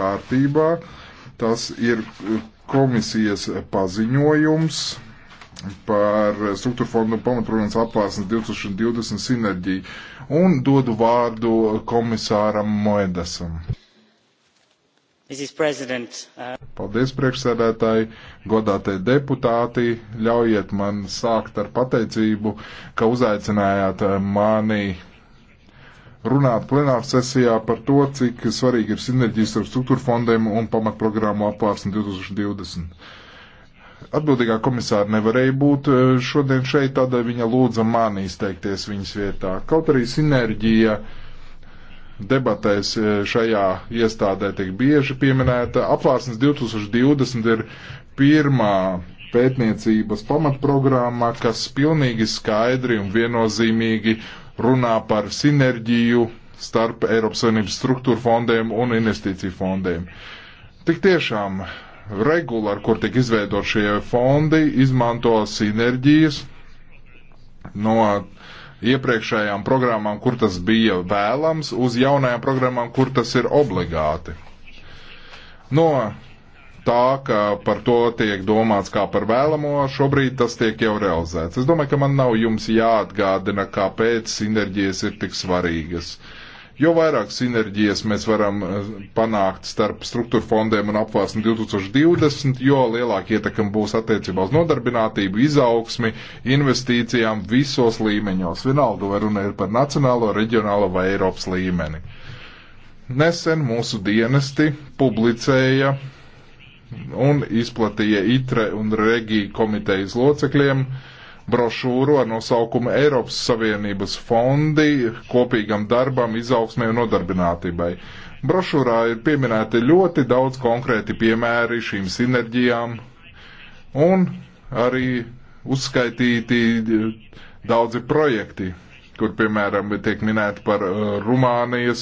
kārtībā. Tas ir eh, komisijas paziņojums par struktūra fondu pamatprogrammas apvārsnes 2020 sinerģiju un dodu vārdu komisāram Moedasam. Uh, Paldies, priekšsēdētāji, godātie deputāti. Ļaujiet man sākt ar pateicību, ka uzaicinājāt uh, mani runāt plenāru sesijā par to, cik svarīgi ir sinerģijas ar struktūra fondiem un pamatprogrammu apvārsni 2020. Atbildīgā komisāra nevarēja būt e, šodien šeit, tādēļ viņa lūdza mani izteikties viņas vietā. Kaut arī sinerģija debatēs e, šajā iestādē tiek bieži pieminēta, apvārsnes 2020 ir pirmā pētniecības pamatprogramma, kas pilnīgi skaidri un viennozīmīgi runā par sinerģiju starp Eiropas Savienības struktūra fondiem un investīciju fondiem. Tik tiešām regula, ar kur tiek izveidot šie fondi, izmanto sinerģijas no iepriekšējām programmām, kur tas bija vēlams, uz jaunajām programmām, kur tas ir obligāti. No tā, ka par to tiek domāts kā par vēlamo, šobrīd tas tiek jau realizēts. Es domāju, ka man nav jums jāatgādina, kāpēc sinerģijas ir tik svarīgas. Jo vairāk sinerģijas mēs varam eh, panākt starp struktūra fondiem un apvārsni 2020, jo lielāka ietekme būs attiecībā uz nodarbinātību, izaugsmi, investīcijām visos līmeņos. Vienalga, vai runa ir par nacionālo, reģionālo vai Eiropas līmeni. Nesen mūsu dienesti publicēja un izplatīja ITRE un REGI komitejas locekļiem brošūru ar nosaukumu Eiropas Savienības fondi kopīgam darbam, izaugsmē un nodarbinātībai. Brošūrā ir pieminēti ļoti daudz konkrēti piemēri šīm sinerģijām un arī uzskaitīti daudzi projekti, kur piemēram tiek minēti par uh, Rumānijas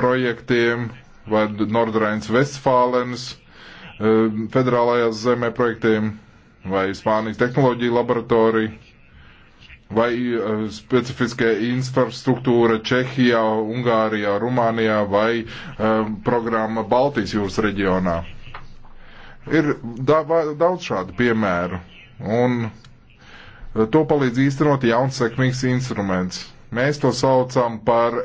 projektiem vai Nordrains Vestfālenes federālajās zemē projektiem vai Spānijas tehnoloģija laboratorija vai specifiskie infrastruktūra Čehijā, Ungārijā, Rumānijā vai programma Baltijas jūras reģionā. Ir daudz šādu piemēru un to palīdz īstenot jauns sekmīgs instruments. Mēs to saucam par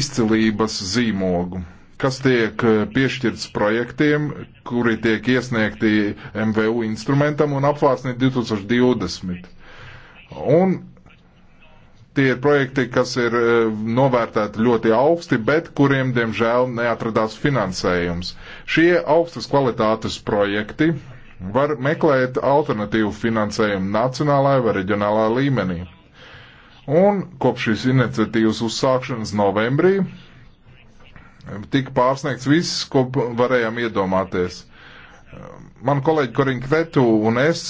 izcilības zīmogu kas tiek eh, piešķirts projektiem, kuri tiek iesniegti MVU instrumentam un apvārsni 2020. Un tie ir projekti, kas ir eh, novērtēti ļoti augsti, bet kuriem, diemžēl, neatradās finansējums. Šie augstas kvalitātes projekti var meklēt alternatīvu finansējumu nacionālajā vai reģionālā līmenī. Un kopš šīs iniciatīvas uzsākšanas novembrī Tika pārsniegts viss, ko varējām iedomāties. Man kolēģi Korina Kretu un es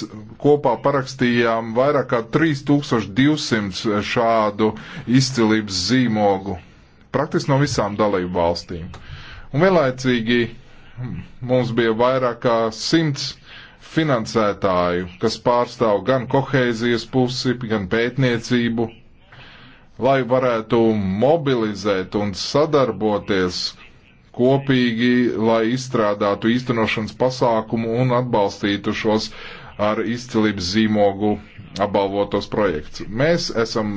kopā parakstījām vairāk kā 3200 šādu izcilības zīmogu, praktiski no visām dalību valstīm. Un vienlaicīgi hmm, mums bija vairāk kā simts finansētāju, kas pārstāv gan kohēzijas pusi, gan pētniecību, lai varētu mobilizēt un sadarboties kopīgi, lai izstrādātu īstenošanas pasākumu un atbalstītu šos ar izcilības zīmogu apbalvotos projekts. Mēs esam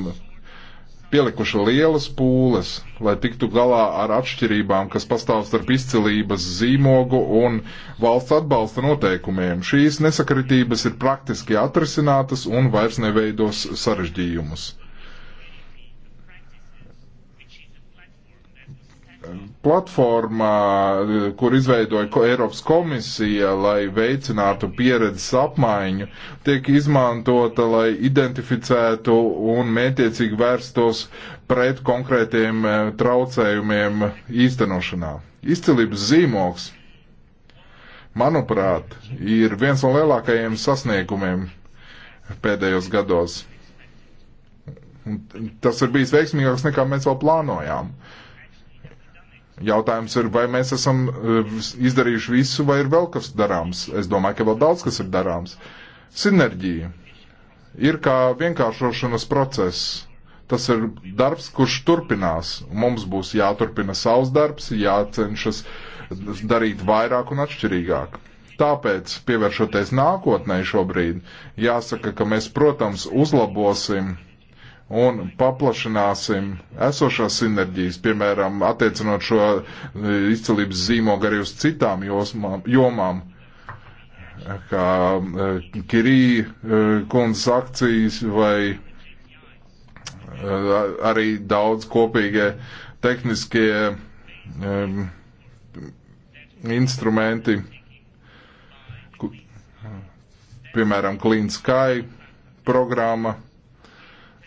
pielikuši lielas pūles, lai tiktu galā ar atšķirībām, kas pastāv starp izcilības zīmogu un valsts atbalsta noteikumiem. Šīs nesakritības ir praktiski atrisinātas un vairs neveidos sarežģījumus. platformā, kur izveidoja Eiropas komisija, lai veicinātu pieredzes apmaiņu, tiek izmantota, lai identificētu un mētiecīgi vērstos pret konkrētiem e, traucējumiem īstenošanā. Izcilības zīmoks, manuprāt, ir viens no lielākajiem sasniegumiem pēdējos gados. Tas ir bijis veiksmīgāks nekā mēs vēl plānojām. Uh, Jautājums ir, vai mēs esam eh, izdarījuši visu, vai ir vēl kas darāms. Es domāju, ka vēl daudz kas ir darāms. Sinerģija ir kā vienkāršošanas process. Tas ir darbs, kurš turpinās. Mums būs jāturpina savs darbs, jācenšas darīt vairāk un atšķirīgāk. Tāpēc, pievēršoties nākotnē šobrīd, jāsaka, ka mēs, protams, uzlabosim un paplašināsim esošās sinerģijas, piemēram, attiecinot šo e, izcelības zīmogu arī uz citām josmām, jomām, kā e, Kirī e, kundzes akcijas vai arī daudz kopīgie tehniskie instrumenti, piemēram, Clean Sky programma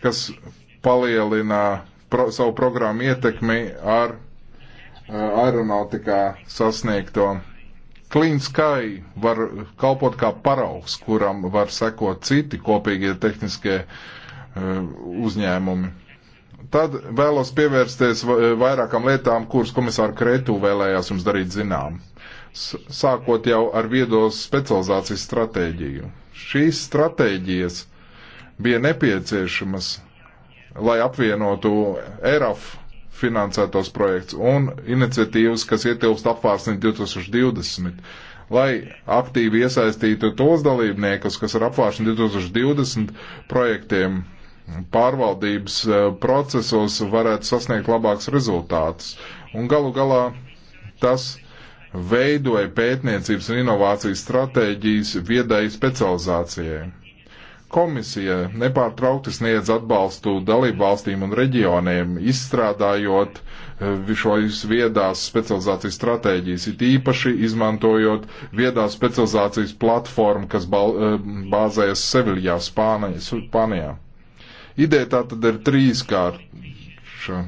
kas palielina pro, savu programmu ietekmi ar eh, aeronautikā sasniegto. Clean Sky var kalpot kā paraugs, kuram var sekot citi kopīgie tehniskie eh, uzņēmumi. Tad vēlos pievērsties eh, vairākām lietām, kuras komisāra Kretu vēlējās jums darīt zinām. Sākot jau ar viedos specializācijas stratēģiju. Šīs stratēģijas uh, bija nepieciešamas, lai apvienotu ERAF finansētos projekts un iniciatīvas, kas ietilpst apvārsni 2020, lai aktīvi iesaistītu tos dalībniekus, kas ar apvārsni 2020 projektiem pārvaldības eh, procesos varētu sasniegt labāks rezultātus. Un galu galā tas veidoja pētniecības un inovācijas stratēģijas viedai specializācijai. Komisija nepārtraukti sniedz atbalstu dalību valstīm un reģioniem, izstrādājot eh, šos viedās specializācijas stratēģijas, it īpaši izmantojot viedās specializācijas platformu, kas eh, bāzējas Seviljā, Spānijā. Ideja tā tad ir trīskārša.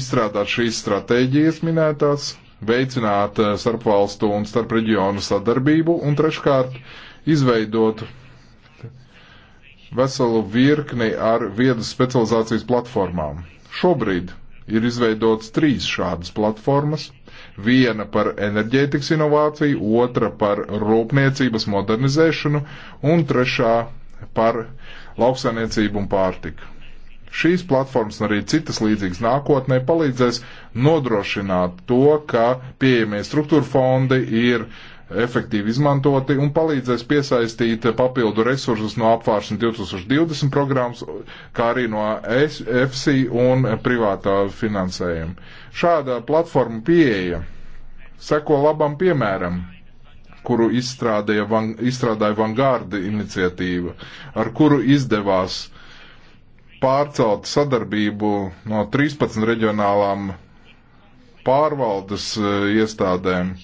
Izstrādāt šīs stratēģijas minētās, veicināt eh, starpvalstu un starpreģionu sadarbību un treškārt izveidot veselu virkni ar viedas specializācijas platformām. Šobrīd ir izveidotas trīs šādas platformas. Viena par enerģētikas inovāciju, otra par rūpniecības modernizēšanu un trešā par lauksainiecību un pārtiku. Šīs platformas un arī citas līdzīgas nākotnē palīdzēs nodrošināt to, ka pieejamie struktūra fondi ir uh, efektīvi izmantoti un palīdzēs piesaistīt papildu resursus no apvāršana 2020 programmas, kā arī no EFSI un privātā finansējuma. Šāda platforma pieeja seko labam piemēram kuru izstrādāja, van, izstrādāja Vanguarda iniciatīva, ar kuru izdevās pārcelt sadarbību no 13 reģionālām pārvaldes eh, iestādēm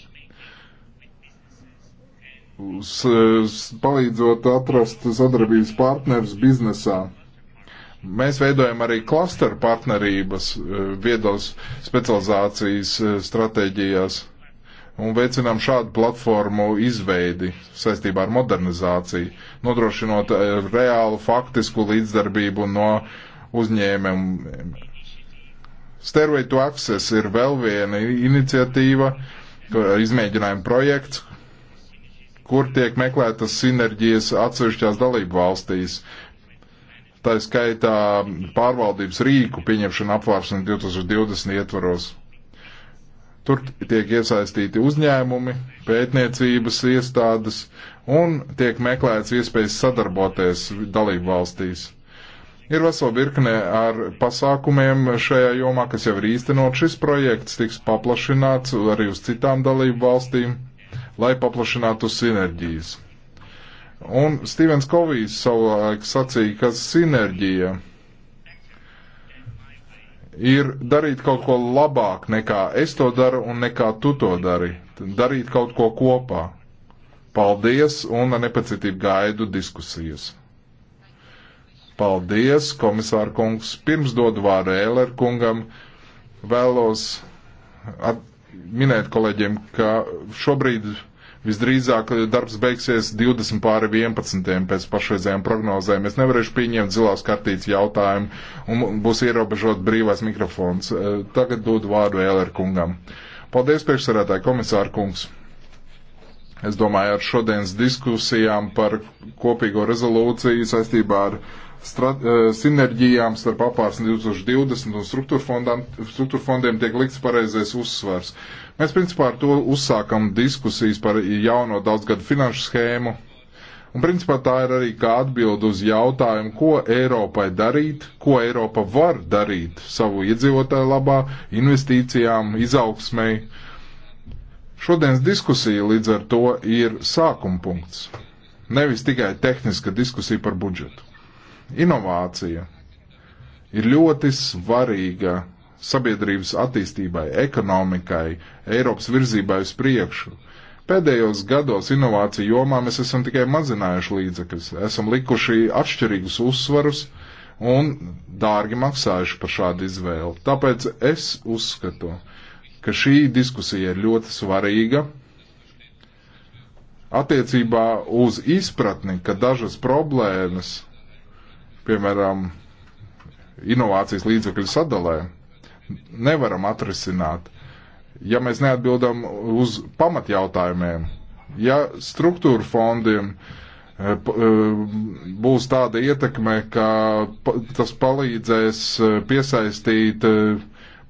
palīdzot atrast sadarbības partnerus biznesā. Mēs veidojam arī klasteru partnerības e, viedos specializācijas e, stratēģijās un veicinām šādu platformu izveidi saistībā ar modernizāciju, nodrošinot e, reālu faktisku līdzdarbību no uzņēmumiem. Stairway to Access ir vēl viena iniciatīva, izmēģinājuma projekts, kur tiek meklētas sinerģijas atsevišķās dalību valstīs. Tā skaitā pārvaldības rīku pieņemšana apvārsni 2020 ietvaros. Tur tiek iesaistīti uzņēmumi, pētniecības iestādes un tiek meklēts iespējas sadarboties dalību valstīs. Ir vesela virkne ar pasākumiem šajā jomā, kas jau ir īstenot. Šis projekts tiks paplašināts arī uz citām dalību valstīm lai paplašinātu sinerģijas. Un Stīvens Kovijs savulaik sacīja, ka sinerģija ir darīt kaut ko labāk nekā es to daru un nekā tu to dari. Darīt kaut ko kopā. Paldies un ar nepacietību gaidu diskusijas. Paldies, komisāra kungs. Pirms dodu vārdu Ēler kungam, vēlos minēt kolēģiem, ka šobrīd Visdrīzāk darbs beigsies 20 pāri 11 pēc pašreizējām prognozēm. Es nevarēšu pieņemt zilās kartītes jautājumu un būs ierobežot brīvais mikrofons. Eh, tagad dodu vārdu Ēler kungam. Paldies, priekšsarētāji komisāra kungs. Es domāju, ar šodienas diskusijām par kopīgo rezolūciju saistībā ar strat, eh, sinerģijām starp apārsni 2020 un struktūrfondiem tiek likts pareizais uzsvars. Mēs principā ar to uzsākam diskusijas par jauno daudzgadu finanšu schēmu. Un principā tā ir arī kā atbild uz jautājumu, ko Eiropai darīt, ko Eiropa var darīt savu iedzīvotāju labā, investīcijām, izaugsmēji. Šodienas diskusija līdz ar to ir sākuma punkts. Nevis tikai tehniska diskusija par budžetu. Inovācija ir ļoti svarīga sabiedrības attīstībai, ekonomikai, Eiropas virzībai uz priekšu. Pēdējos gados inovāciju jomā mēs esam tikai mazinājuši līdzekļus, esam likuši atšķirīgus uzsvarus un dārgi maksājuši par šādu izvēli. Tāpēc es uzskatu, ka šī diskusija ir ļoti svarīga attiecībā uz izpratni, ka dažas problēmas, piemēram, inovācijas līdzekļu sadalē, nevaram atrisināt, ja mēs neatbildam uz pamatjautājumiem. Ja struktūra fondiem eh, eh, būs tāda ietekme, ka tas palīdzēs eh, piesaistīt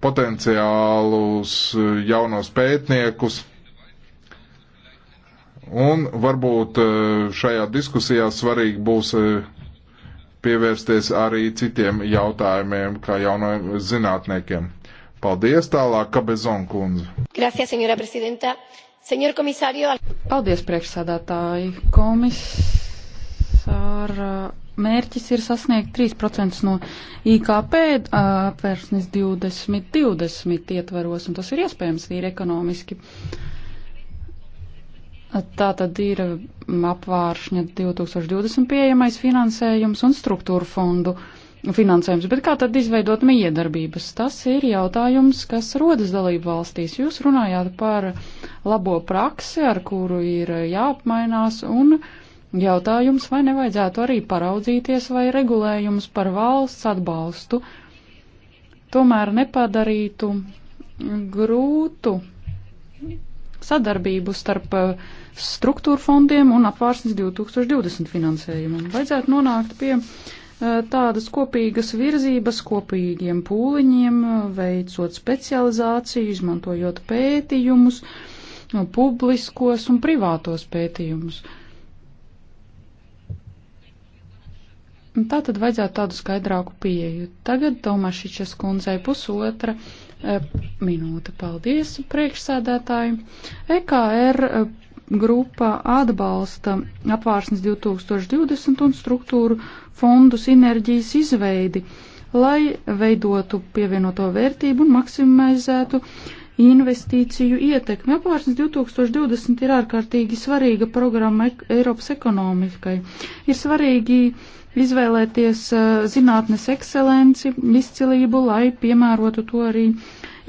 potenciālus jaunos pētniekus, Un varbūt šajā diskusijā svarīgi būs pievērsties arī citiem jautājumiem, kā jaunajiem zinātniekiem. Paldies tālāk, Kabezon kundze. Gracias, senora prezidenta. Senor komisārio. Paldies, priekšsādātāji. Komisāra mērķis ir sasniegt 3% no IKP apvērsnes 2020 20 ietvaros, un tas ir iespējams tīri ekonomiski. Uh, Tā tad ir apvāršņa 2020 pieejamais finansējums un struktūra fondu finansējums. Bet kā tad izveidot miedarbības? Tas ir jautājums, kas rodas dalību valstīs. Jūs runājāt par labo praksi, ar kuru ir jāapmainās, un jautājums, vai nevajadzētu arī paraudzīties vai regulējums par valsts atbalstu tomēr nepadarītu grūtu sadarbību starp eh, struktūra fondiem un apvārsnes 2020 finansējumam. Vajadzētu nonākt pie eh, tādas kopīgas virzības, kopīgiem pūliņiem, eh, veicot specializāciju, izmantojot pētījumus, publiskos un privātos pētījumus. Tā tad vajadzētu tādu skaidrāku pieeju. Tagad Tomašičas kundzei pusotra Eh, minūte paldies priekšsēdētāji. EKR eh, grupa atbalsta apvārsnes 2020 un struktūru fondu sinerģijas izveidi, lai veidotu pievienoto vērtību un maksimizētu investīciju ietekmi. Apvārsnes 2020 ir ārkārtīgi svarīga programma Eiropas ekonomikai. Ir svarīgi izvēlēties uh, zinātnes ekscelenci, izcilību, lai piemērotu to arī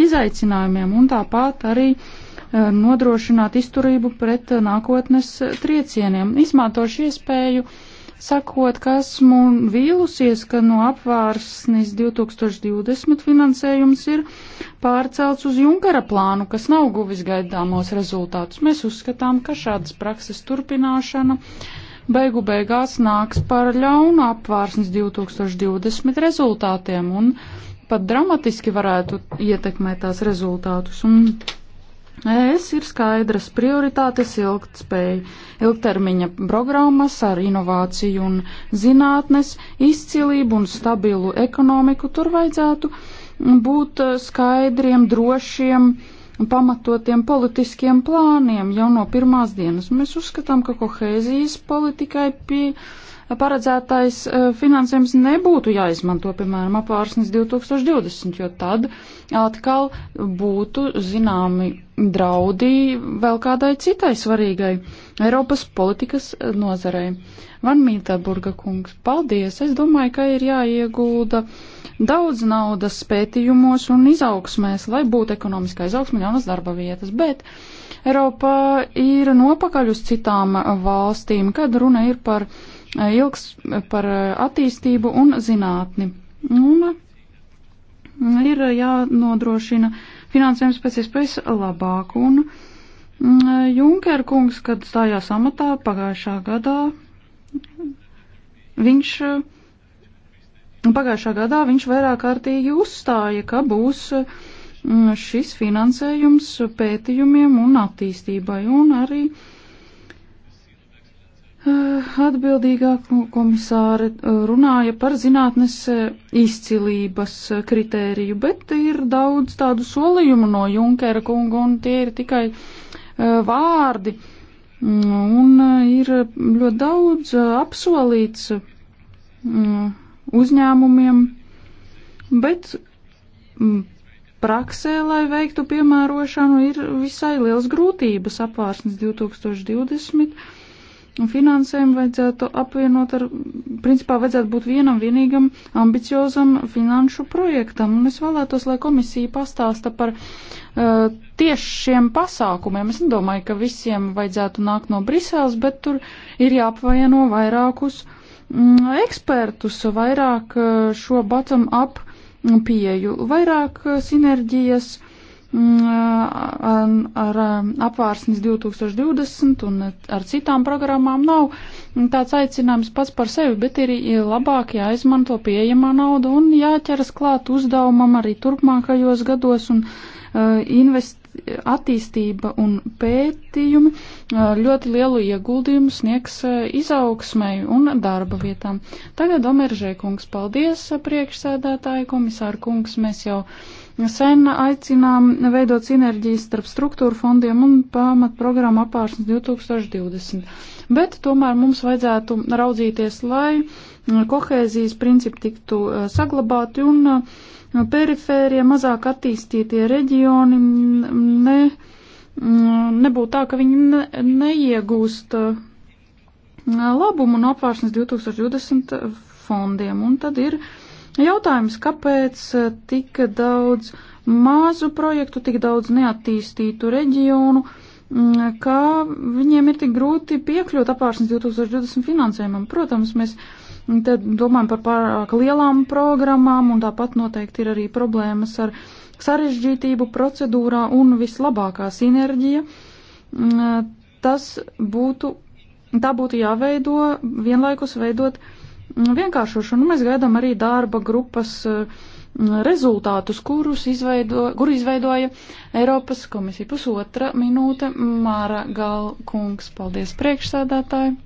izaicinājumiem un tāpat arī uh, nodrošināt izturību pret uh, nākotnes triecieniem. Izmantošu iespēju sakot, ka esmu vīlusies, ka no apvārsnes 2020 finansējums ir pārcelts uz Junkara plānu, kas nav guvis gaidāmos rezultātus. Mēs uzskatām, ka šādas prakses turpināšana uh, beigu beigās nāks par ļaunu apvārsnes 2020 rezultātiem un pat dramatiski varētu ietekmēt tās rezultātus. Un es ir skaidras prioritātes ilgtspēja, ilgtermiņa programmas ar inovāciju un zinātnes, izcilību un stabilu ekonomiku. Tur vajadzētu būt skaidriem, drošiem, uh, pamatotiem politiskiem plāniem jau no pirmās dienas. Mēs uzskatām, ka kohēzijas politikai pie paredzētais e, finansējums nebūtu jāizmanto, piemēram, apvārsnes 2020, jo tad atkal būtu zināmi draudi vēl kādai citai svarīgai Eiropas politikas e, nozarei. Van Mītāburga kungs, paldies! Es domāju, ka ir jāiegulda daudz naudas pētījumos un izaugsmēs, lai būtu ekonomiskā izaugsme jaunas darba vietas, bet Eiropa ir nopakaļ uz citām valstīm, kad runa ir par ilgs par eh, attīstību un zinātni. Un mm, ir jānodrošina finansējums pēc iespējas labāk. Un mm, Junker kungs, kad stājās amatā pagājušā gadā, viņš mm, pagājušā gadā viņš vairāk kārtīgi uzstāja, ka būs šis finansējums pētījumiem un attīstībai un arī uh, Eh, atbildīgā komisāre eh, runāja par zinātnes eh, izcilības kritēriju, bet ir daudz tādu solījumu no Junkera kunga, un tie ir tikai vārdi. Mm, un ir ļoti daudz apsolīts mm, uzņēmumiem, bet mm, praksē, lai veiktu piemērošanu, ir visai liels grūtības apvārsnes 2020 Un finansējumu vajadzētu apvienot ar, principā vajadzētu būt vienam vienīgam ambiciozam finanšu projektam. Un es vēlētos, lai komisija pastāsta par uh, tieši šiem pasākumiem. Es nedomāju, ka visiem vajadzētu nākt no Briseles, bet tur ir jāapvaino vairākus mm, ekspertus, vairāk uh, šo bottom-up pieju, vairāk uh, sinerģijas. Uh, Mm, ar um, apvārsnes 2020 un ar citām programmām nav tāds aicinājums pats par sevi, bet ir labāk jāizmanto pieejamā nauda un jāķeras klāt uzdevumam arī turpmākajos gados un uh, invest, attīstība un pētījumi uh, ļoti lielu ieguldījumu sniegs uh, izaugsmēju un darba vietām. Tagad Omeržē kungs, paldies priekšsēdētāji komisāru kungs, mēs jau uh, Sen aicinām veidot sinerģijas starp struktūru fondiem un pamatprogrammu apārsnes 2020. Bet tomēr mums vajadzētu raudzīties, lai mm, kohēzijas principi tiktu eh, saglabāti un eh, perifērie, mazāk attīstītie reģioni mm, ne, mm, nebūtu tā, ka viņi ne, neiegūst eh, labumu no apvāršanas 2020 fondiem. Un tad ir uh, Jautājums, kāpēc eh, tik daudz mazu projektu, tik daudz neattīstītu reģionu, mm, ka viņiem ir tik grūti piekļūt apārsnes 2020 finansējumam? Protams, mēs tad domājam par pārāk lielām programmām, un tāpat noteikti ir arī problēmas ar sarežģītību procedūrā un vislabākā sinerģija. Mm, tas būtu, tā būtu jāveido vienlaikus veidot vienkāršošanu. Nu, mēs gaidām arī darba grupas eh, rezultātus, kurus izveido, kur izveidoja Eiropas komisija. Pusotra minūte, Māra Galkungs. Paldies priekšsēdētāji.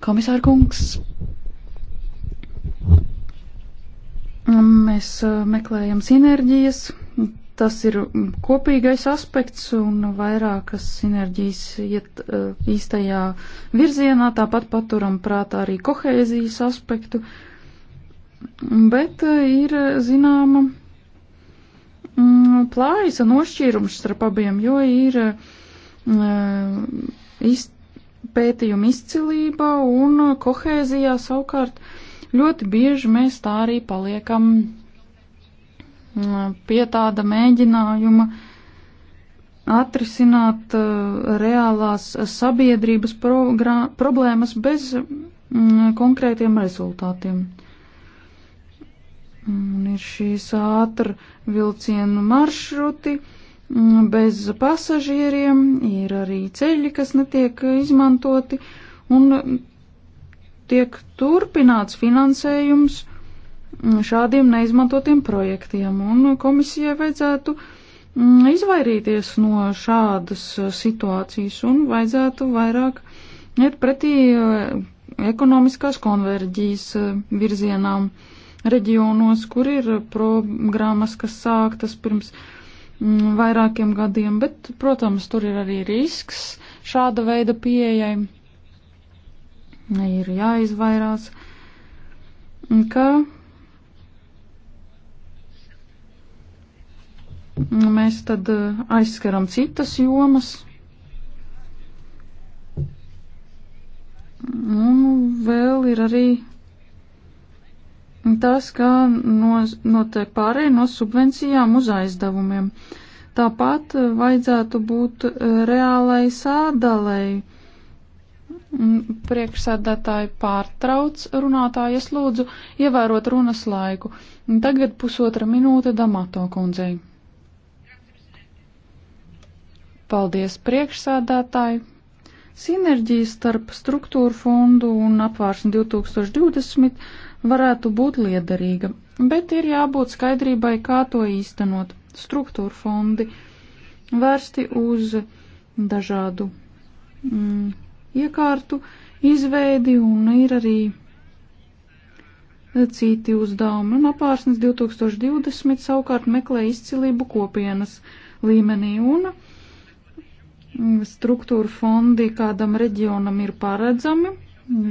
Komisāra kungs. Mēs eh, meklējam sinerģijas Tas ir mm, kopīgais aspekts un vairākas sinerģijas iet eh, īstajā virzienā, tāpat paturam prātā arī kohēzijas aspektu, bet eh, ir zināma mm, plājas un nošķīrums starp abiem, jo ir īst, eh, pētījuma izcilība un kohēzijā savukārt ļoti bieži mēs tā arī paliekam pie tāda mēģinājuma atrisināt uh, reālās sabiedrības problēmas bez mm, konkrētiem rezultātiem. Un ir šīs ātra vilcienu maršruti mm, bez pasažieriem, ir arī ceļi, kas netiek izmantoti, un tiek turpināts finansējums šādiem neizmantotiem projektiem, un komisijai vajadzētu mm, izvairīties no šādas uh, situācijas un vajadzētu vairāk iet pretī uh, ekonomiskās konverģijas uh, virzienām reģionos, kur ir programmas, kas sāktas pirms mm, vairākiem gadiem, bet, protams, tur ir arī risks šāda veida pieejai. Ir jāizvairās, ka Mēs tad eh, aizskaram citas jomas. Un vēl ir arī tas, kā no, notiek pārēj no subvencijām uz aizdevumiem. Tāpat eh, vajadzētu būt eh, reālai sādalēji. Priekšsēdētāji pārtrauc runātājas lūdzu ievērot runas laiku. Tagad pusotra minūte Damato kundzei. Paldies priekšsādātāji! Sinerģija starp struktūru fondu un apvārsni 2020 varētu būt liederīga, bet ir jābūt skaidrībai, kā to īstenot. Struktūra fondi vērsti uz dažādu mm, iekārtu izveidi un ir arī citi uzdevumi, un apārsnes 2020 savukārt meklē izcilību kopienas līmenī, un struktūra fondi kādam reģionam ir paredzami,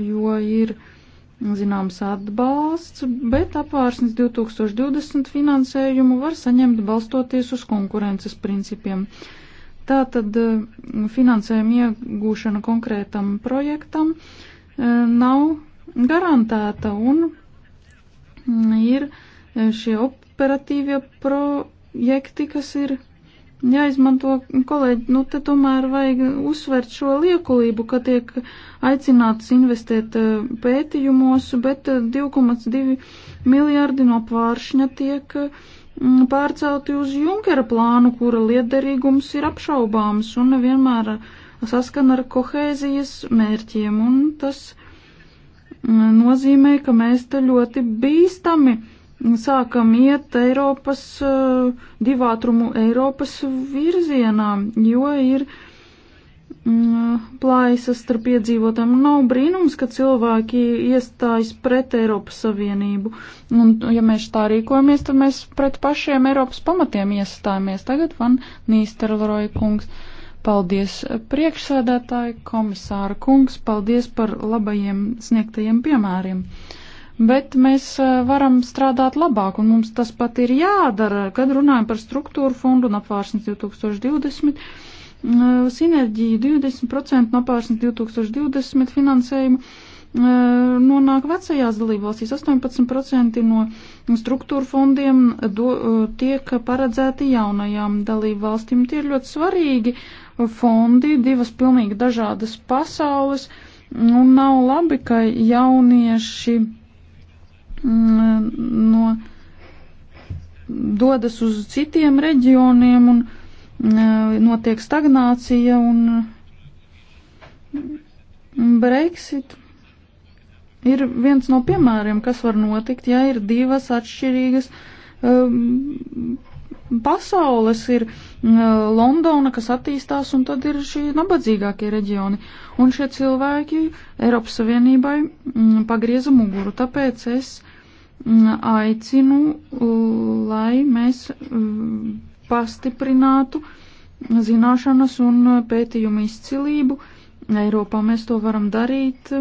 jo ir zināms atbalsts, bet apvārsnes 2020 finansējumu var saņemt balstoties uz konkurences principiem. Tātad eh, finansējuma iegūšana konkrētam projektam eh, nav garantēta un mm, ir eh, šie operatīvie projekti, kas ir jāizmanto kolēģi, nu te tomēr vajag uzsvērt šo liekulību, ka tiek aicināts investēt eh, pētījumos, bet 2,2 eh, miljārdi no pāršņa tiek mm, pārcelti uz Junkera plānu, kura liederīgums ir apšaubāms un nevienmēr saskan ar kohēzijas mērķiem, un tas mm, nozīmē, ka mēs te ļoti bīstami sākam iet Eiropas, eh, divātrumu Eiropas virzienā, jo ir mm, plājas starp iedzīvotājiem. Nav brīnums, ka cilvēki iestājas pret Eiropas Savienību. Un, ja mēs tā rīkojamies, tad mēs pret pašiem Eiropas pamatiem iestājamies. Tagad Van Nīsterleroja kungs. Paldies priekšsēdētāji, komisāra kungs, paldies par labajiem sniegtajiem piemēriem. Uh, bet mēs varam strādāt labāk, un mums tas pat ir jādara, kad runājam par struktūru fondu un apvārsnes 2020. Sinerģija 20% no apvārsnes 2020 finansējuma nonāk vecajās dalībvalstīs, 18% no struktūra fondiem do, tiek paredzēti jaunajām dalībvalstīm. Tie ir ļoti svarīgi fondi, divas pilnīgi dažādas pasaules, un nav labi, ka jaunieši Mm, no, dodas uz citiem reģioniem un mm, notiek stagnācija un mm, Brexit ir viens no piemēriem, kas var notikt, ja ir divas atšķirīgas um, pasaules ir mm, Londona, kas attīstās, un tad ir šī nabadzīgākie reģioni. Un šie cilvēki Eiropas Savienībai mm, pagrieza muguru. Tāpēc es mm, aicinu, lai mēs pastiprinātu zināšanas un pētījumu izcilību. Eiropā mēs to varam darīt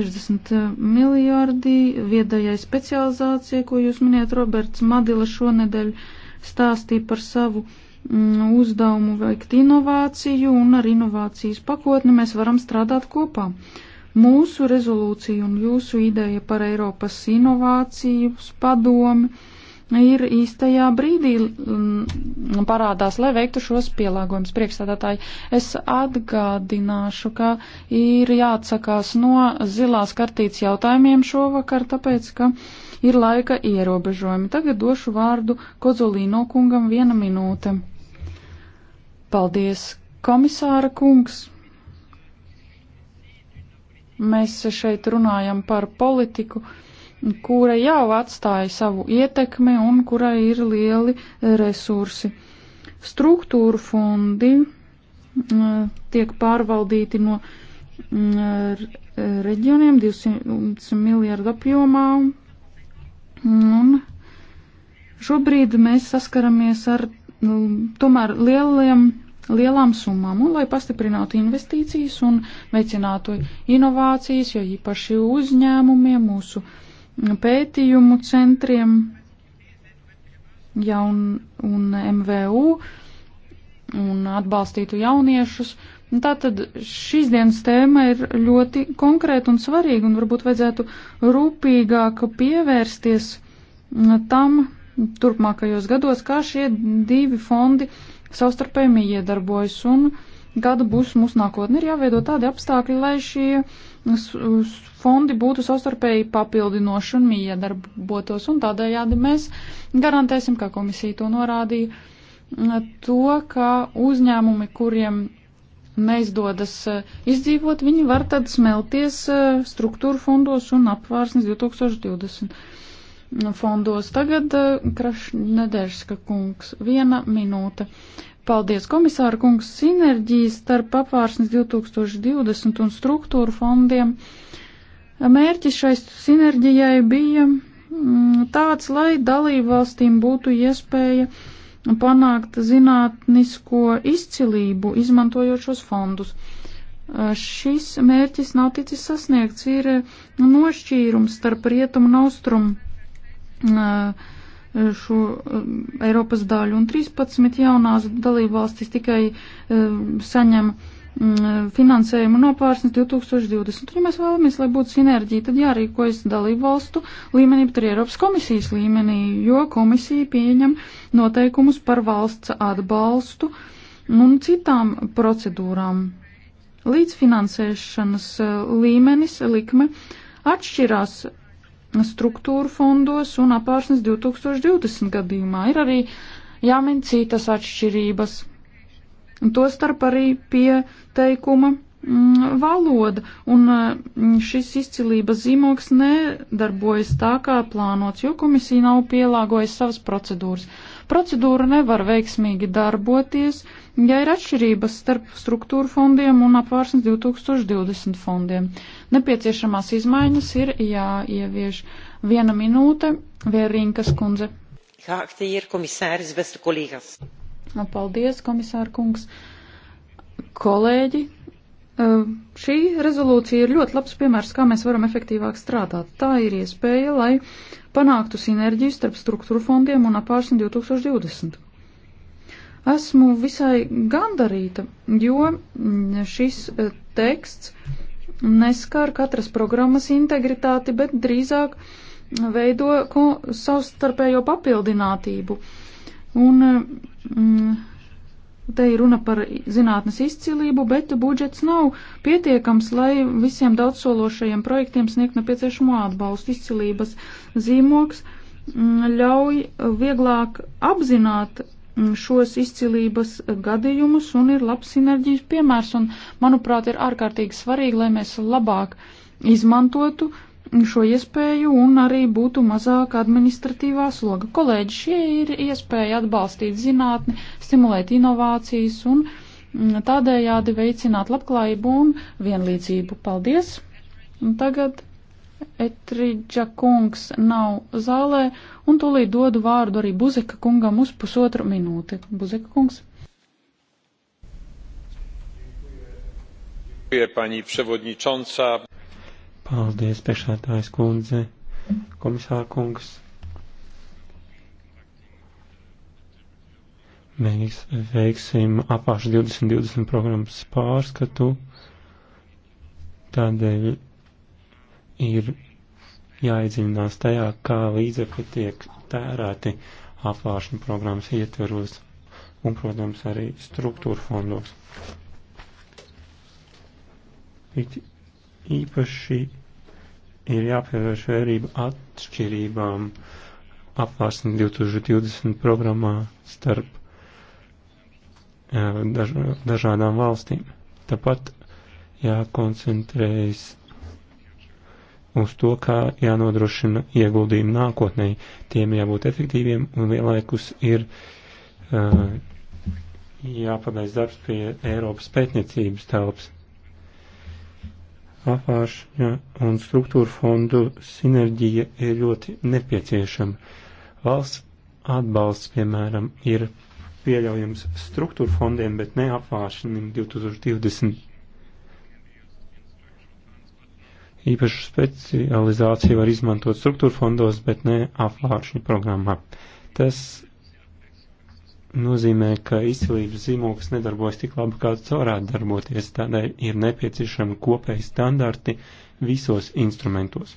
60 eh, miljardi, viedajai specializācija, ko jūs minējat, Roberts Madila šonedēļ stāstīja par savu mm, uzdevumu veikt inovāciju un ar inovācijas pakotni mēs varam strādāt kopā. Mūsu rezolūcija un jūsu ideja par Eiropas inovācijas padomi ir īstajā brīdī mm, parādās, lai veiktu šos pielāgojumus. Priekšstādātāji, es atgādināšu, ka ir jāatsakās no zilās kartītes jautājumiem šovakar, tāpēc, ka ir laika ierobežojumi. Tagad došu vārdu Kozolīno kungam viena minūte. Paldies, komisāra kungs! Mēs šeit runājam par politiku. Uh, kura jau atstāja savu ietekmi un kurai ir lieli resursi. Struktūru fondi mm, tiek pārvaldīti no mm, reģioniem 200 miljardu apjomā. Un šobrīd mēs saskaramies ar mm, tomēr lieliem, lielām summām, un lai pastiprinātu investīcijas un veicinātu inovācijas, jo īpaši uzņēmumiem mūsu uh, pētījumu centriem jaun, un MVU un atbalstītu jauniešus. Tātad šīs dienas tēma ir ļoti konkrēta un svarīga, un varbūt vajadzētu rūpīgāk pievērsties tam turpmākajos gados, kā šie divi fondi savstarpēji iedarbojas. Un, uh, gada būs mūsu nākotne. Ir jāveido tādi apstākļi, lai šie fondi būtu savstarpēji papildinoši un miedarbotos, un tādējādi mēs garantēsim, kā komisija to norādīja, to, ka uzņēmumi, kuriem neizdodas e, izdzīvot, viņi var tad smelties e, struktūru fondos un apvārsnes 2020 fondos. Tagad e, Krašnedērska kungs, viena minūte. Paldies, komisāra kungs, sinerģijas starp apvārsnes 2020 un struktūru fondiem. Mērķis šai sinerģijai bija mm, tāds, lai dalībvalstīm būtu iespēja panākt zinātnisko izcilību, izmantojot šos fondus. Šis mērķis nav ticis sasniegts, ir nošķīrums starp rietumu un austrumu šo um, Eiropas daļu, un 13 jaunās dalībvalstis tikai um, saņem mm, finansējumu no pārsnes 2020. Un, ja mēs vēlamies, lai būtu sinerģija, tad jārīkojas dalību valstu līmenī, bet arī Eiropas komisijas līmenī, jo komisija pieņem noteikumus par valsts atbalstu un citām procedūrām. Līdzfinansēšanas uh, līmenis, likme atšķirās struktūru fondos un apārsnes 2020 gadījumā. Ir arī jāmin citas atšķirības. Tostarp arī pieteikuma mm, valoda, un mm, šis izcilības zīmoks nedarbojas tā, kā plānots, jo komisija nav pielāgojusi savas procedūras. Procedūra nevar veiksmīgi darboties, uh, ja ir atšķirības starp struktūru fondiem un apvārsnes 2020 fondiem. Nepieciešamās izmaiņas ir jāievieš viena minūte Vērinkas kundze. Geachte heer commissaris, beste collega's. Nu, paldies, komisāra kungs. Kolēģi, šī rezolūcija ir ļoti labs piemērs, kā mēs varam efektīvāk strādāt. Tā ir iespēja, lai panāktu sinerģiju starp struktūru fondiem un apārsni 2020. Esmu visai gandarīta, jo mm, šis eh, teksts neskar katras programmas integritāti, bet drīzāk veido savstarpējo papildinātību. Un eh, mm, te ir runa par zinātnes izcilību, bet budžets nav pietiekams, lai visiem daudzsološajiem projektiem sniegt nepieciešamo atbalstu. Izcilības zīmoks mm, ļauj vieglāk apzināt Mm, šos izcilības gadījumus un ir labs sinerģijas piemērs. Un, manuprāt, ir ārkārtīgi svarīgi, lai mēs labāk izmantotu šo iespēju un arī būtu mazāk administratīvā sloga. Kolēģi, šie ir iespēja atbalstīt zinātni, stimulēt inovācijas un mm, tādējādi veicināt labklājību un vienlīdzību. Paldies! Un tagad Etriģa kungs nav zālē, un tūlīt dodu vārdu arī Buzeka kungam uz pusotru minūti. Buzeka kungs. Paldies, priekšētājs kundze, komisāra kungs. Mēs veiksim apāšu 2020 programmas pārskatu, tādēļ ir jāiedziļinās tajā, kā līdzekļi tiek tērēti apvāršņu programmas ietveros un, protams, arī struktūra fondos. It īpaši ir jāpievērš vērība atšķirībām apvārsni 2020 programmā starp eh, daž, dažādām valstīm. Tāpat jākoncentrējas uz to, kā jānodrošina ieguldījumi nākotnē. Tiem jābūt efektīviem un vienlaikus ir uh, jāpaveic darbs pie Eiropas pētniecības telpas. Apāršņa un struktūra fondu sinerģija ir ļoti nepieciešama. Valsts atbalsts, piemēram, ir pieļaujams struktūra fondiem, bet ne apvāršanim 2020 Īpašu specializāciju var izmantot struktūra fondos, bet ne aflākšņu programmā. Tas nozīmē, ka izcilības zīmogs nedarbojas tik labi, kā tas varētu darboties, tādēļ ir nepieciešami kopēji standarti visos instrumentos.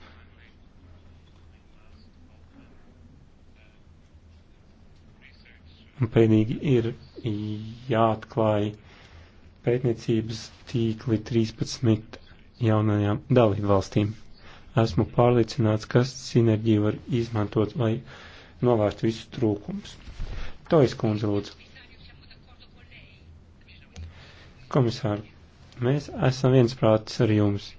Un pēdīgi ir jāatklāj pētniecības tīkli 13 jaunajām dalību valstīm. Esmu pārliecināts, ka sinerģiju var izmantot, lai novērstu visus trūkumus. Tojas kundze lūdzu. Komisāri, mēs esam viensprātis ar jums.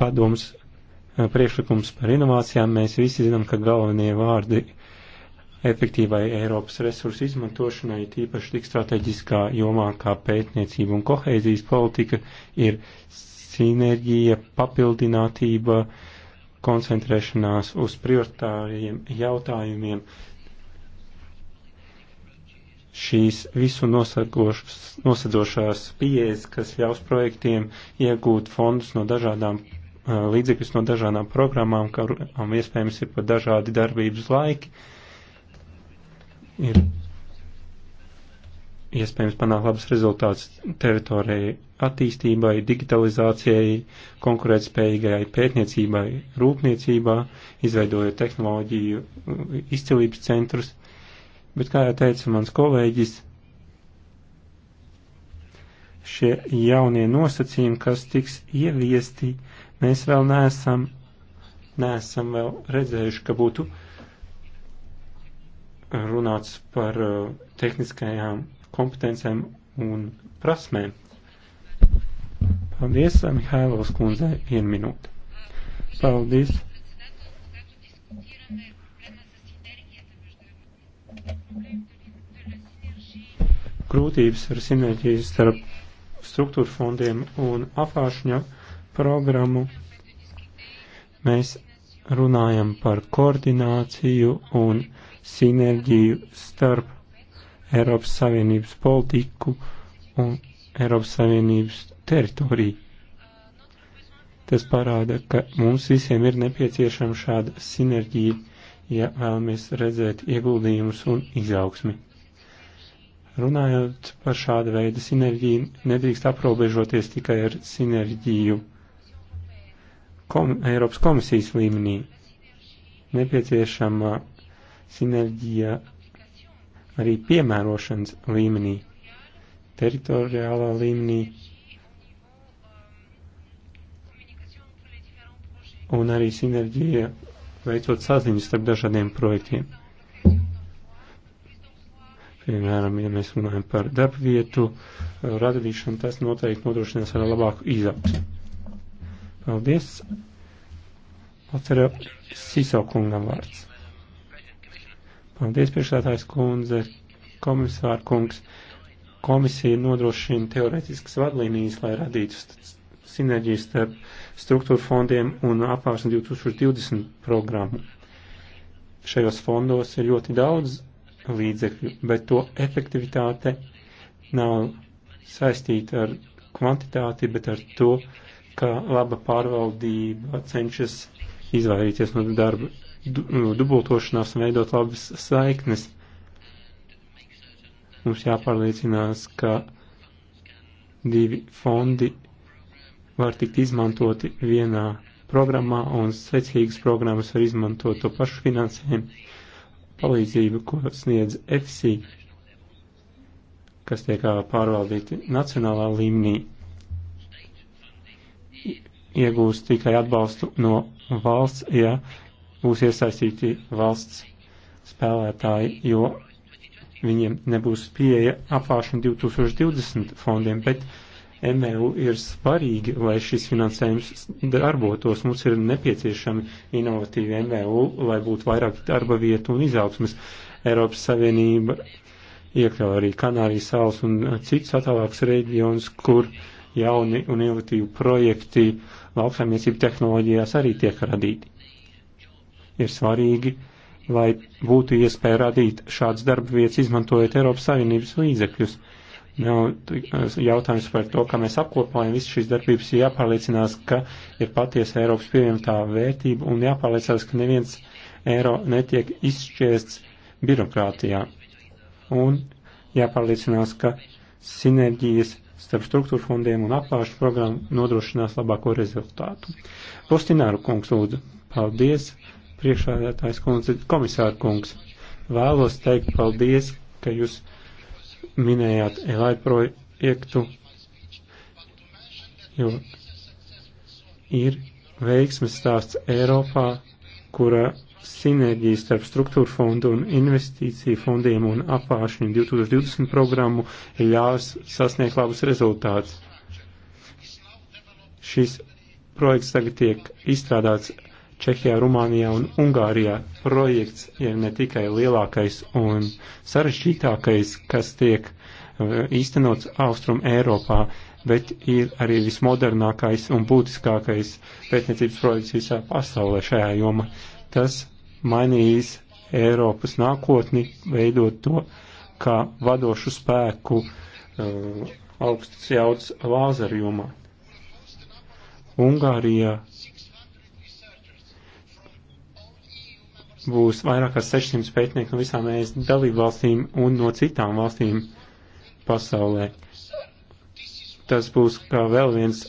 Padoms, eh, priekšlikums par inovācijām, mēs visi zinām, ka galvenie vārdi efektīvai Eiropas resursu izmantošanai, tīpaši tik strateģiskā jomā kā pētniecība un kohēzijas politika, ir sinerģija, papildinātība, koncentrēšanās uz prioritāriem jautājumiem. Šīs visu nosadošās pieejas, kas ļaus projektiem iegūt fondus no dažādām līdzekļus no dažādām programmām, kam iespējams ir pat dažādi darbības laiki, uh, ir iespējams panākt labus rezultātus teritorijai attīstībai, digitalizācijai, konkurētspējīgai pētniecībai, rūpniecībā, izveidojot tehnoloģiju izcilības centrus. Bet, kā jau teica mans kolēģis, šie jaunie nosacījumi, kas tiks ieviesti, mēs vēl neesam, neesam vēl redzējuši, ka būtu uh, runāts par uh, tehniskajām kompetencēm un prasmēm. Paldies, Mihailovs kundzei, vienu minūti. Paldies. Grūtības ar sinerģijas starp struktūra fondiem un apvāršņa programmu. Mēs runājam par koordināciju un sinerģiju starp Eiropas Savienības politiku un Eiropas Savienības teritoriju. Tas parāda, ka mums visiem ir nepieciešama šāda sinerģija, ja vēlamies redzēt ieguldījumus un izaugsmi. Runājot par šādu veidu sinerģiju, nedrīkst aprobežoties tikai ar sinerģiju kom Eiropas komisijas līmenī. Nepieciešama sinerģija arī piemērošanas līmenī, teritoriālā līmenī un arī sinerģija veicot saziņas starp dažādiem projektiem. Piemēram, ja mēs runājam par darba vietu eh, radīšanu, tas noteikti nodrošinās arī labāku izaugsmu. Paldies! Atcerēju Siso kungam vārds. Paldies, priekšstādājs kundze, komisāra kungs. Komisija nodrošina teoretiskas vadlīnijas, lai radītu sinerģiju starp struktūra fondiem un apvārsni 2020 programmu. Šajos fondos ir ļoti daudz līdzekļu, bet to efektivitāte nav saistīta ar kvantitāti, bet ar to, ka laba pārvaldība cenšas izvairīties no darba Nu, dubultošanās un veidot labas saiknes. Mums jāpārliecinās, ka divi fondi var tikt izmantoti vienā programmā un secīgas programmas var izmantot to pašu finansējumu palīdzību, ko sniedz FC, kas tiek pārvaldīti nacionālā līmenī, iegūst tikai atbalstu no valsts, ja būs iesaistīti valsts spēlētāji, jo viņiem nebūs pieeja apvāršana 2020 fondiem, bet MVU ir svarīgi, lai šis finansējums darbotos. Mums ir nepieciešami inovatīvi MVU, lai būtu vairāk darba vietu un izaugsmas. Eiropas Savienība iekļauj arī Kanārijas salas un cits attālāks reģions, kur jauni un inovatīvi projekti lauksaimniecību tehnoloģijās arī tiek radīti ir svarīgi, lai būtu iespēja radīt šādas darba vietas, izmantojot Eiropas Savienības līdzekļus. Nav eh, jautājums par to, kā mēs apkopojam visu šīs darbības, ir jāpārliecinās, ka ir patiesa Eiropas pievienotā vērtība un jāpārliecinās, ka neviens eiro netiek izšķiests birokrātijā. Un jāpārliecinās, ka sinerģijas starp struktūra fondiem un apvāršu programmu nodrošinās labāko rezultātu. Postināru kungs lūdzu, paldies! priekšādātājs kundze, komisāra kungs. Vēlos teikt paldies, ka jūs minējāt ELAI projektu, jo ir veiksmes stāsts Eiropā, kura sinerģija starp struktūra fondu un investīciju fondiem un apvāršņu 2020 programmu ir ļāvis sasniegt labus rezultātus. Šis projekts tagad tiek izstrādāts Čehijā, Rumānijā un Ungārijā projekts ir ne tikai lielākais un sarežģītākais, kas tiek uh, īstenots Austrum Eiropā, bet ir arī vismodernākais un būtiskākais pētniecības projekts visā pasaulē šajā jomā. Tas mainīs Eiropas nākotni, veidot to kā vadošu spēku uh, augstas jaudas vāzarjumā. Ungārijā būs vairāk kā 600 pētnieki no visām ES dalību valstīm un no citām valstīm pasaulē. Tas būs kā vēl viens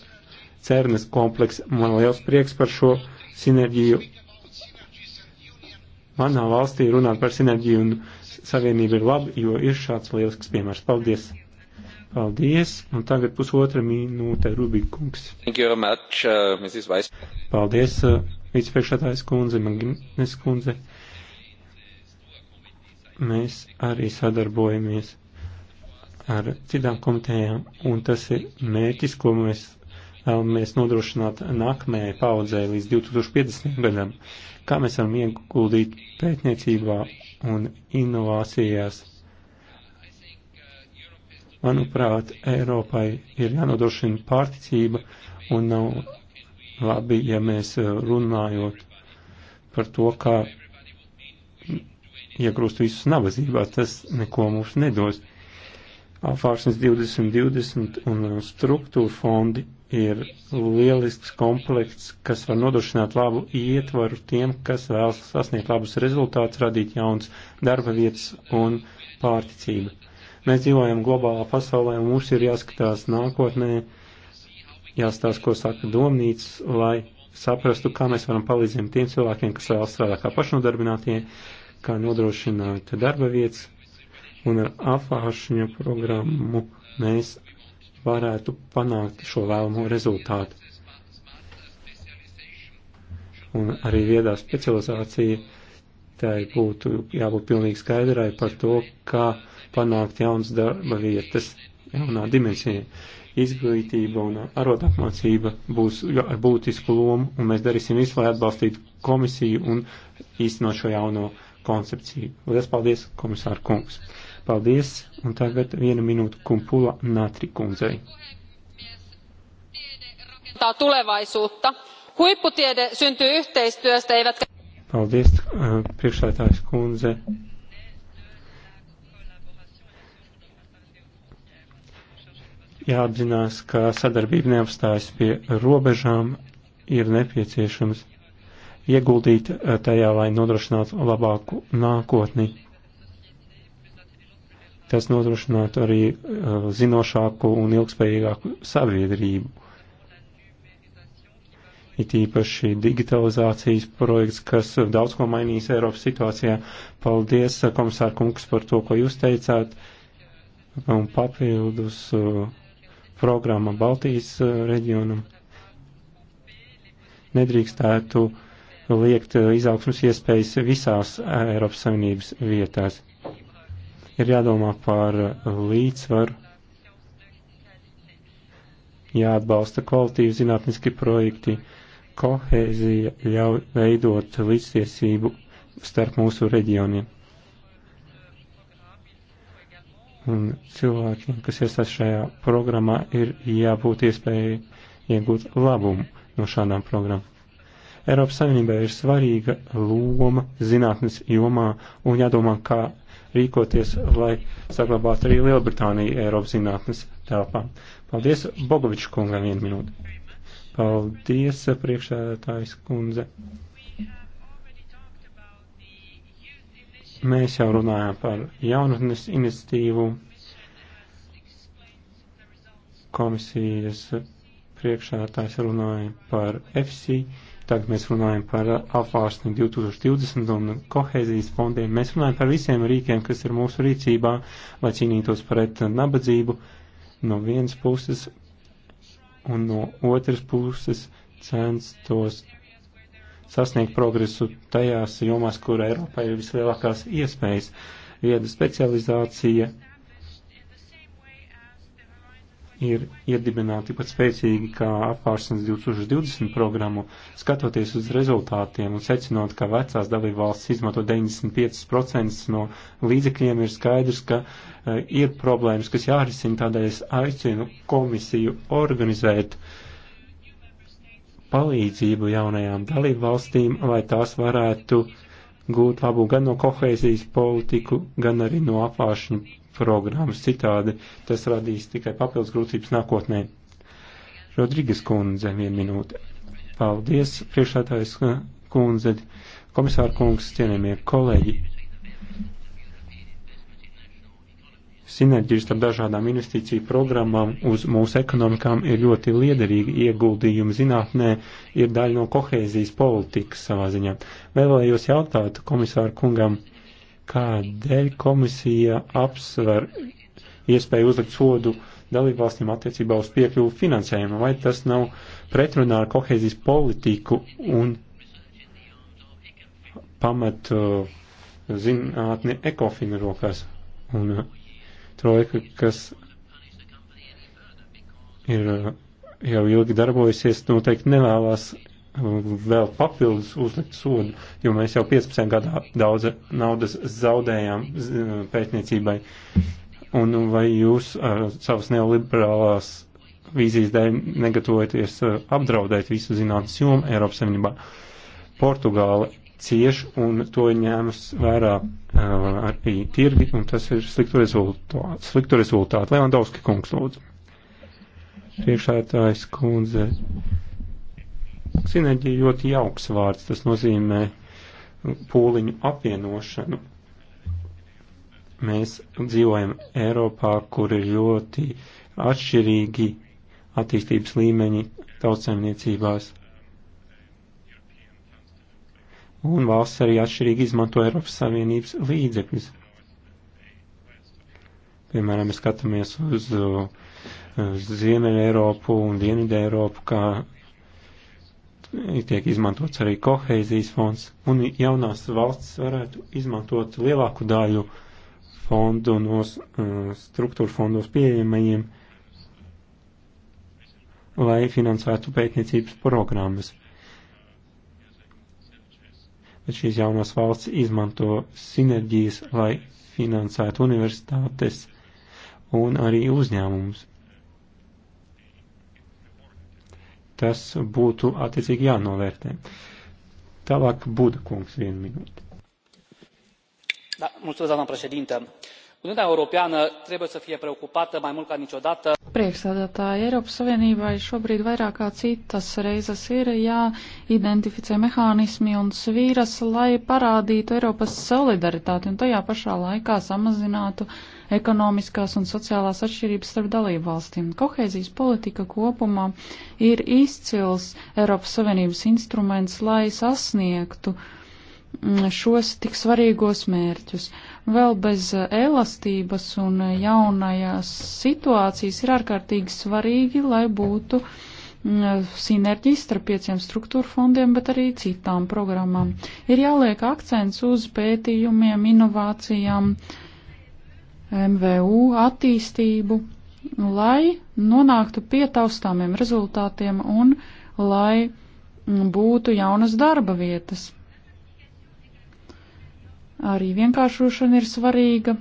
cernes kompleks. Man liels prieks par šo sinerģiju. Manā valstī runāt par sinerģiju un savienību ir labi, jo ir šāds lielisks piemērs. Paldies! Paldies! Un tagad pusotra minūte Rubikungs. Thank you very much, uh, Mrs. Vice. Paldies! Uh, vicepriekšētājas kundze, Magnes kundze, mēs arī sadarbojamies ar citām komitējām, un tas ir mērķis, ko mēs vēlamies nodrošināt nākamajai paudzē līdz 2050. gadam, kā mēs varam ieguldīt pētniecībā un inovācijās. Manuprāt, Eiropai ir jānodrošina pārticība un nav labi, ja mēs eh, runājot par to, kā iegrūst visus nabadzībā, tas neko mums nedos. Apvārsnes 2020 un eh, struktūra fondi ir lielisks komplekts, kas var nodrošināt labu ietvaru tiem, kas vēlas sasniegt labus rezultātus, radīt jauns darba vietas un pārticību. Mēs dzīvojam globālā pasaulē un mums ir jāskatās nākotnē jāstāsta, ko saka domnīca, lai saprastu, kā mēs varam palīdzēt tiem cilvēkiem, kas vēl strādā kā pašnodarbinātie, kā nodrošināt darba vietas. Un ar afāšņu programmu mēs varētu panākt šo vēlamo rezultātu. Un arī viedā specializācija, tai būtu jābūt pilnīgi skaidrai par to, kā panākt jaunas darba vietas jaunā dimensijā izglītība un arotapmācība būs ar būtisku lomu, un mēs darīsim visu, lai atbalstītu komisiju un īstenot šo jauno koncepciju. Lielas paldies, komisāra kungs! Paldies, un tagad viena minūte kumpula Natri kundzei. Tā tulevaisuutta. Huipputiede syntyy yhteistyöstä, eivätkä... Paldies, eh, priekšētājs kundze. jāapzinās, ka sadarbība neapstājas pie robežām, ir nepieciešams ieguldīt eh, tajā, lai nodrošinātu labāku nākotni. Tas nodrošinātu arī eh, zinošāku un ilgspējīgāku sabiedrību. It īpaši digitalizācijas projekts, kas daudz ko mainīs Eiropas situācijā. Paldies, eh, komisār kungs, par to, ko jūs teicāt. Un papildus uh, programma Baltijas uh, reģionam nedrīkstētu liekt uh, izaugsmas iespējas visās uh, Eiropas Savienības vietās. Ir jādomā par līdzsvaru, jāatbalsta kvalitīvi zinātniski projekti, kohēzija ļauj veidot līdztiesību starp mūsu reģioniem. Un cilvēkiem, kas iesaistās šajā programmā, ir jābūt iespēja iegūt labumu no šādām programmām. Eiropas Savienībai ir svarīga loma zinātnes jomā un jādomā, kā rīkoties, lai saglabātu arī Lielbritāniju Eiropas zinātnes telpā. Paldies, Bogovičs kungam, vienu minūti. Paldies, priekšētājs kundze. Mēs jau runājām par jaunatnes iniciatīvu. Komisijas priekšētājs runāja par EFSI, tagad mēs runājam par apvārsni 2020 un kohēzijas fondiem. Mēs runājam par visiem rīkiem, kas ir mūsu rīcībā, lai cīnītos pret nabadzību no vienas puses un no otras puses censtos sasniegt progresu tajās jomās, kur Eiropā ir vislielākās iespējas. Vieda specializācija ir iedibināta tikpat spēcīgi kā apvārsnes 2020 programmu, skatoties uz rezultātiem un secinot, ka vecās dalībvalstis izmanto 95% no līdzekļiem, ir skaidrs, ka uh, ir problēmas, kas jārisina, tādēļ es aicinu komisiju organizēt uh, palīdzību jaunajām dalību valstīm, lai tās varētu gūt labu gan no kohēzijas politiku, gan arī no apvāršņu programmas. Citādi tas radīs tikai papildus grūtības nākotnē. Rodrīgas kundze, viena minūte. Paldies, priekšētājs eh, kundze, komisāra kungs, cienījamie kolēģi. Sinerģija starp dažādām investīciju programmām uz mūsu ekonomikām ir ļoti liederīga ieguldījuma zinātnē, ir daļa no kohēzijas politikas savā ziņā. Vēlējos jautāt komisāru kungam, kādēļ komisija apsver iespēju uzlikt sodu dalībvalstīm attiecībā uz piekļuvu finansējumu, vai tas nav pretrunā ar kohēzijas politiku un pamatu uh, zinātni ekofina rokās. Un uh, trojka, kas ir uh, jau ilgi darbojusies, noteikti nevēlas uh, vēl papildus uzlikt sodu, jo mēs jau 15 gadā daudz naudas zaudējām uh, pētniecībai. Un vai jūs ar savas neoliberālās vīzijas dēļ negatavojaties apdraudēt visu zinātnes jomu Eiropas Savienībā? Portugāla cieš un to ir ņēmus vērā uh, arī tirgi, un tas ir sliktu rezultātu. Sliktu rezultātu. Levandovski kungs lūdzu. Priekšētājs kundze. Sinerģija ļoti jauks vārds, tas nozīmē pūliņu apvienošanu. Mēs dzīvojam Eiropā, kur ir ļoti atšķirīgi attīstības līmeņi tautsēmniecībās, un valsts arī atšķirīgi izmanto Eiropas Savienības līdzekļus. Piemēram, mēs skatāmies uz, uz Ziemeļa Eiropu un Dienvidu Eiropu, kā tiek izmantots arī koheizijas fonds, un jaunās valsts varētu izmantot lielāku daļu fondu no uh, struktūra fondos pieejamajiem, lai finansētu pētniecības programmas bet šīs jaunās valsts izmanto sinerģijas, lai finansētu universitātes un arī uzņēmumus. Tas būtu attiecīgi jānovērtē. Tālāk Buda kungs vienu minūti. Da, mulțumesc, doamna președintă. Uh, uniunea europeană trebuie să fie preocupată mai mult ca niciodată. Priekšsēdētāji Eiropas Savienībai šobrīd vairāk kā citas reizes ir jāidentificē mehānismi un svīras, lai parādītu Eiropas solidaritāti un tajā pašā laikā samazinātu ekonomiskās un sociālās atšķirības starp dalību valstīm. Kohēzijas politika kopumā ir izcils Eiropas Savienības instruments, lai sasniegtu šos tik svarīgos mērķus vēl bez eh, elastības un eh, jaunajās situācijas ir ārkārtīgi svarīgi, lai būtu mm, eh, sinerģijas starp pieciem struktūra fondiem, bet arī citām programmām. Ir jāliek akcents uz pētījumiem, inovācijām, MVU attīstību, lai nonāktu pie taustāmiem rezultātiem un lai mm, būtu jaunas darba vietas. Arī vienkāršošana ir svarīga,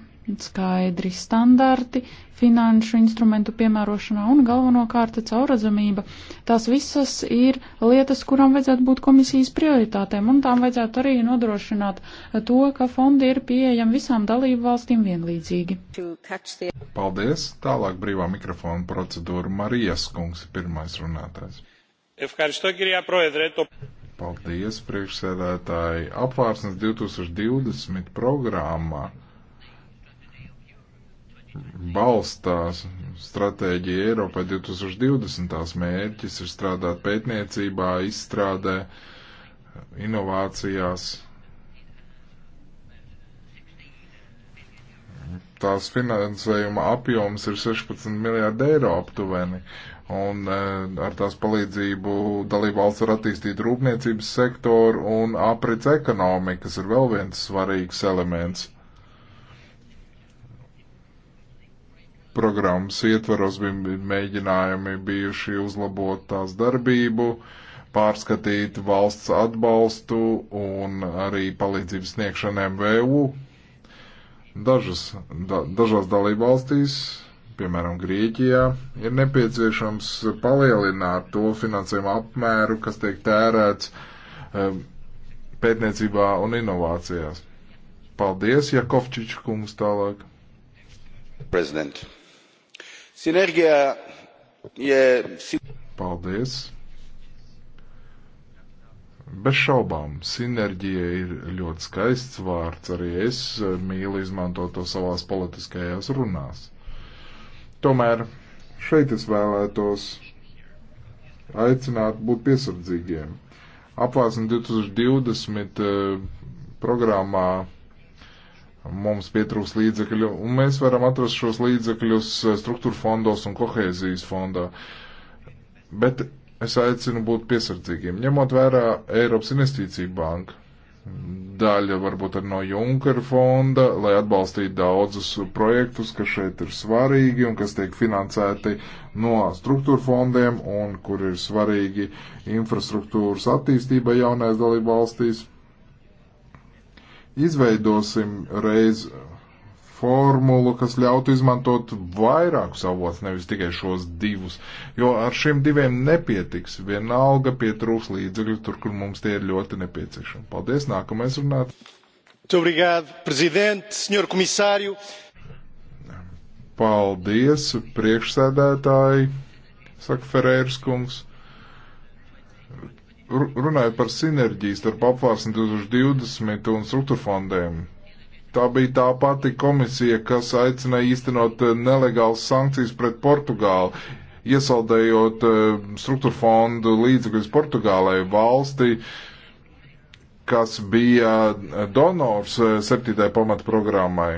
skaidri standarti finanšu instrumentu piemērošanā un galvenokārt caurazamība. Tās visas ir lietas, kurām vajadzētu būt komisijas prioritātēm, un tām vajadzētu arī nodrošināt to, ka fondi ir pieejami visām dalību valstīm vienlīdzīgi. Paldies! Tālāk brīvā mikrofona procedūra Marijas kungs ir pirmais runātājs. Paldies, priekšsēdētāji. Apvārsnes 2020 programma balstās stratēģija Eiropai 2020. Tās mērķis ir strādāt pētniecībā, izstrādē, inovācijās. Tās finansējuma apjoms ir 16 miljārdi eiro aptuveni, un e, ar tās palīdzību dalību valsts var attīstīt rūpniecības sektoru un aprits ekonomiku, kas ir vēl viens svarīgs elements. Programmas ietvaros bija mēģinājumi bijuši uzlabot tās darbību, pārskatīt valsts atbalstu un arī palīdzības sniegšanu MVU. Dažas, da, dažās dalībvalstīs piemēram, Grieķijā, ir nepieciešams palielināt to finansējumu apmēru, kas tiek tērēts eh, pētniecībā un inovācijās. Paldies, Jakovčič kungs tālāk. Prezident. Sinerģija je... Paldies. Bez šaubām, sinerģija ir ļoti skaists vārds, arī es eh, mīlu izmantot to savās politiskajās runās. Tomēr šeit es vēlētos aicināt būt piesardzīgiem. Apvārsni 2020 eh, programmā mums pietrūks līdzekļu, un mēs varam atrast šos līdzekļus eh, struktūra fondos un kohēzijas fondā. Bet es aicinu būt piesardzīgiem, ņemot vērā Eiropas investīciju banku daļa varbūt ar no Junkera fonda, lai atbalstītu daudzus projektus, kas šeit ir svarīgi un kas tiek finansēti no struktūra fondiem un kur ir svarīgi infrastruktūras attīstība jaunais dalība valstīs. Izveidosim reiz formulu, kas ļautu izmantot vairākus avots, nevis tikai šos divus, jo ar šiem diviem nepietiks. Vienalga pietrūks līdzekļu tur, kur mums tie ir ļoti nepieciešami. Paldies, nākamais runāt. Obrigado, prezident, senjor komisāriju. Paldies, priekšsēdētāji, saka Ferērs kungs runājot par sinerģiju starp apvārsni 2020 un struktūra fondiem, Tā bija tā pati komisija, kas aicināja īstenot eh, nelegālas sankcijas pret Portugālu, iesaldējot eh, struktūra fondu līdzekļus Portugālai valsti, kas bija eh, donors septītai pamatprogrammai.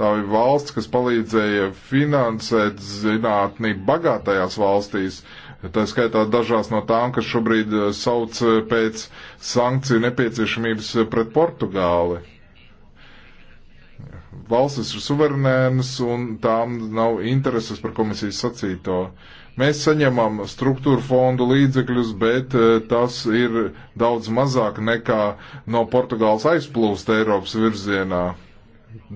Tā bija valsts, kas palīdzēja finansēt zinātnī bagātajās valstīs, Tā skaitā dažās no tām, kas šobrīd sauc pēc sankciju nepieciešamības pret Portugāli valstis ir suverēnas un tām nav intereses par komisijas sacīto. Mēs saņemam struktūra fondu līdzekļus, bet eh, tas ir daudz mazāk nekā no Portugāles aizplūst Eiropas virzienā.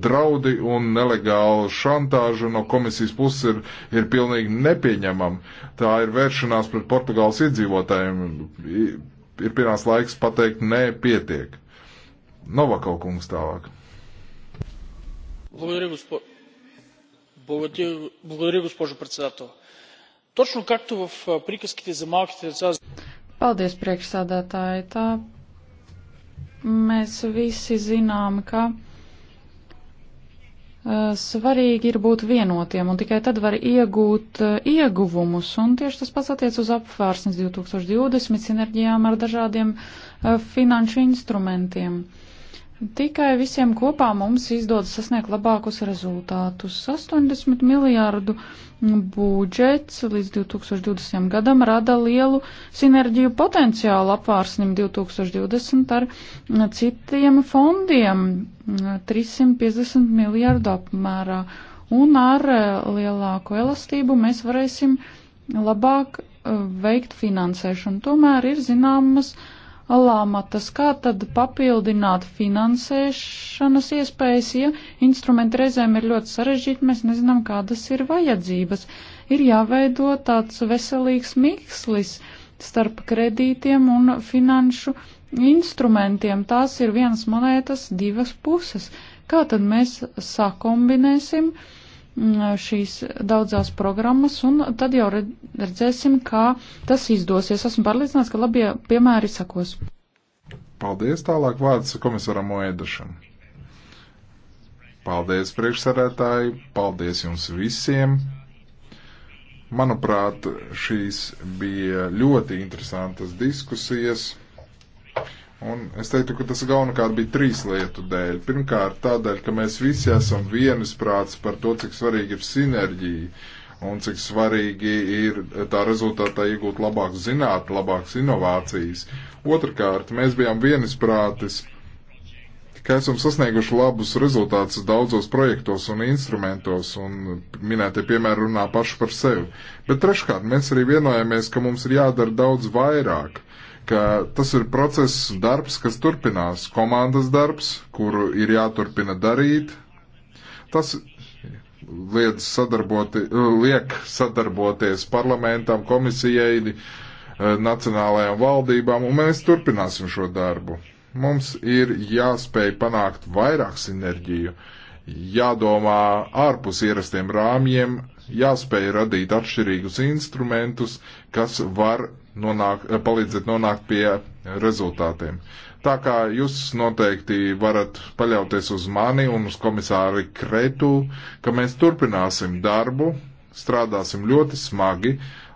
Draudi un nelegāla šantāža no komisijas puses ir, ir pilnīgi nepieņemama. Tā ir vēršanās pret Portugāles iedzīvotājiem. Ir pienācis laiks pateikt, nē, pietiek. Novakalkums tālāk. Благодаря, госпожо председател. Точно както в приказките за малките деца. Paldies, priekšsādātāji. Tā mēs visi zinām, ka svarīgi ir būt vienotiem, un tikai tad var iegūt ieguvumus. Un tieši tas pats attiec uz apvērsnes 2020 sinerģijām ar dažādiem finanšu instrumentiem. Uh, Tikai visiem kopā mums izdodas sasniegt labākus rezultātus. 80 miljārdu budžets līdz 2020. gadam rada lielu sinerģiju potenciālu apvārsnim 2020 ar citiem fondiem 350 miljārdu apmērā. Un ar eh, lielāku elastību mēs varēsim labāk eh, veikt finansēšanu. Tomēr ir zināmas uh, lāmatas, kā tad papildināt finansēšanas iespējas, ja instrumenti reizēm ir ļoti sarežģīti, mēs nezinām, kādas ir vajadzības. Ir jāveido tāds veselīgs mikslis starp kredītiem un finanšu instrumentiem. Tās ir vienas monētas divas puses. Kā tad mēs sakombinēsim? Uh, Mm, šīs daudzās programmas, un tad jau redzēsim, kā tas izdosies. Esmu pārliecināts, ka labie piemēri sakos. Paldies, tālāk vārds komisaram Oedašam. Paldies, priekšsarētāji, paldies jums visiem. Manuprāt, šīs bija ļoti interesantas diskusijas. Un es teiktu, ka tas galvenokārt bija trīs lietu dēļ. Pirmkārt, tādēļ, ka mēs visi esam vienisprāts par to, cik svarīgi ir sinerģija un cik svarīgi ir tā rezultātā iegūt labāku zinātni, labākas inovācijas. Otrakārt, mēs bijām vienisprātis, ka esam sasnieguši labus rezultātus daudzos projektos un instrumentos, un minētie piemēri runā paši par sevi. Bet treškārt, mēs arī vienojamies, ka mums ir jādara daudz vairāk ka tas ir process darbs, kas turpinās, komandas darbs, kuru ir jāturpina darīt. Tas liedz sadarboti, liek sadarboties parlamentam, komisijai, eh, nacionālajām valdībām, un mēs turpināsim šo darbu. Mums ir jāspēj panākt vairāk sinerģiju, jādomā ārpus ierastiem rāmjiem, jāspēj radīt atšķirīgus instrumentus, kas var nonāk, eh, palīdziet nonākt pie rezultātiem. Tā kā jūs noteikti varat paļauties uz mani un uz komisāri Kretu, ka mēs turpināsim darbu, strādāsim ļoti smagi,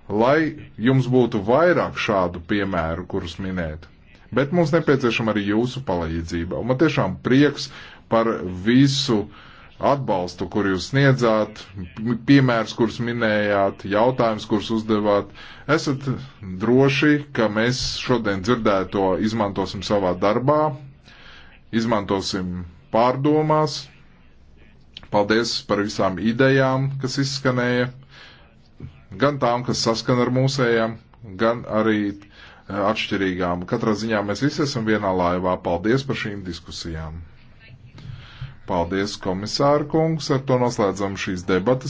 lai jums būtu vairāk šādu piemēru, kurus minēt. Bet mums nepieciešama arī jūsu palīdzība. Un man tiešām prieks par visu uh, atbalstu, kur jūs sniedzāt, piemērs, kurus minējāt, jautājums, kurus uzdevāt. Esat droši, ka mēs šodien dzirdēto izmantosim savā darbā, izmantosim pārdomās. Paldies par visām idejām, kas izskanēja, gan tām, kas saskana ar mūsējām, gan arī eh, atšķirīgām. Katrā ziņā mēs visi esam vienā laivā. Paldies par šīm diskusijām! Paldies, komisāra kungs. Ar to noslēdzam šīs debatas.